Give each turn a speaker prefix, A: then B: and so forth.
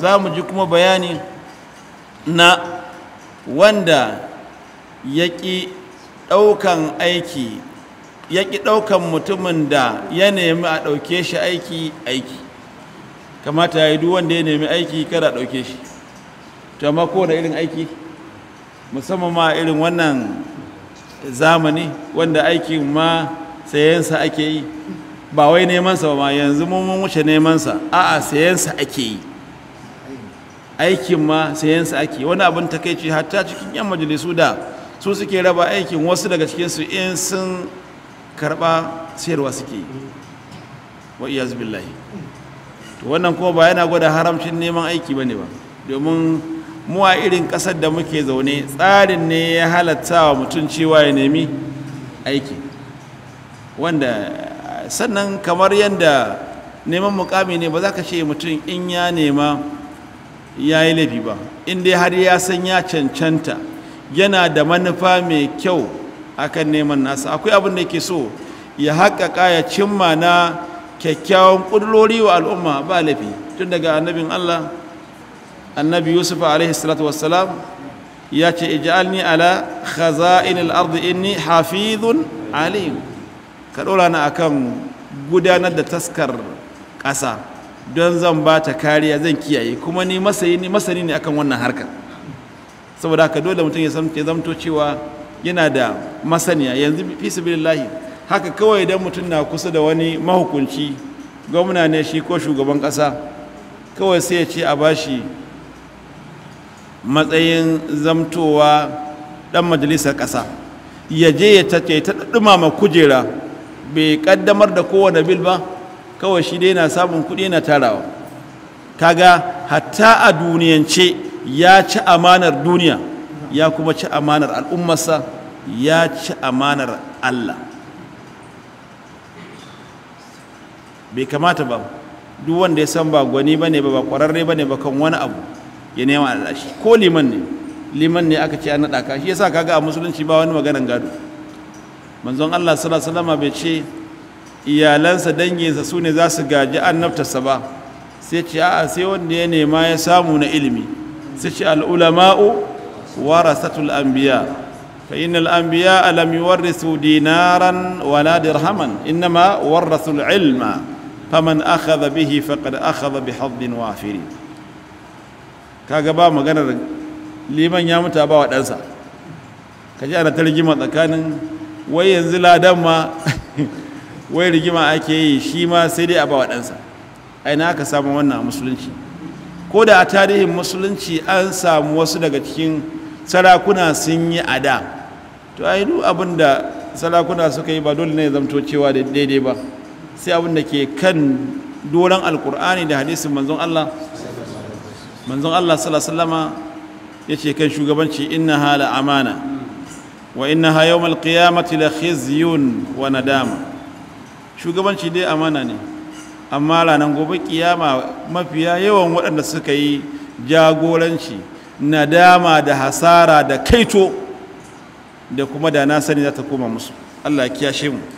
A: za mu ji kuma bayani na wanda ya ƙi ɗaukan aiki ya ɗaukan mutumin da ya nemi a ɗauke shi aiki aiki kamata ya yi wanda ya nemi aiki kada ɗauke shi to amma kowane irin aiki musamman ma irin wannan zamani wanda aikin ma sayensa ake yi ba wai nemansa ba ma yanzu mun wuce nemansa a'a sayensa ake yi aikin ma sayansa ake wani abin takaici hatta cikin yan majalisu da su suke raba aikin wasu daga cikin su in sun karba sayarwa suke wa iyaz billahi to wannan kuma ba yana gwada haramcin neman aiki ne ba domin mu a irin kasar da muke zaune tsarin ne ya halatta wa mutum cewa ya nemi aiki wanda sannan kamar yadda neman mukami ne ba za ka ce mutum in ya nema ya yi laifi ba in dai har ya san ya cancanta yana da manufa mai kyau akan neman nasa akwai abin da ke so ya haƙaƙa ya cimma na kyakkyawan ƙudurori wa al'umma ba laifi tun daga annabin allah annabi yusuf alaihi salatu wassalam ya ce ija'alni ala khaza'in al ni inni hafizun alim ka ɗora na akan gudanar da taskar ƙasa don zan ba ta kariya zan kiyaye kuma ni masani ne akan wannan harka saboda haka dole mutum ya zamto cewa yana da masaniya yanzu fi sabilillahi haka kawai idan mutum na kusa da wani mahukunci gwamna ne shi ko shugaban kasa kawai sai ya ce a ba shi matsayin zamtowa dan majalisar kasa ya je ya ta dumama kujera bai kaddamar da kowane bil ba kawai shi dai na samun kuɗi na tarawa kaga hatta a duniyance ya ci amanar duniya ya kuma ci amanar al'ummarsa ya ci amanar Allah bai kamata ba duk wanda ya san ba gwani ba ne ba ba ƙwararre ba ne ba kan wani abu ya nema shi ko liman ne liman ne aka ce an naɗa ka shi sa kaga a musulunci ba wani maganan gado manzon Allah sallallahu alaihi wasallam bai ce iyalansa danginsa su ne za su gaji annabtarsa ba sai ce a'a sai wanda ya nema ya samu na ilimi sai ce al'ulama'u warasatul anbiya fa innal anbiya lam yuwarrisu dinaran wala dirhaman innama warrasul ilma faman akhadha bihi faqad akhadha bihaddin wafiri kaga ba maganar liman ya mutu ba wa ɗansa ana tarjima tsakanin wai yanzu ladan ma wai rigima ake yi shi ma sai dai a ba waɗansa aina aka samu wannan musulunci ko da a tarihin musulunci an samu wasu daga cikin sarakuna sun yi a da to ai duk abin da sarakuna suka yi ba dole ne zamto cewa daidai ba sai abin da ke kan doron alkur'ani da hadisin manzon Allah manzon Allah ya ce kan shugabanci inna hala amana wa inna ha yawmal qiyamati la khizyun wa nadama shugabanci dai amana ne amma ranar gobe kiyama mafiya yawan waɗanda suka yi jagoranci nadama da hasara da kaito da kuma da na sani za ta koma musu allah ya kiyashe mu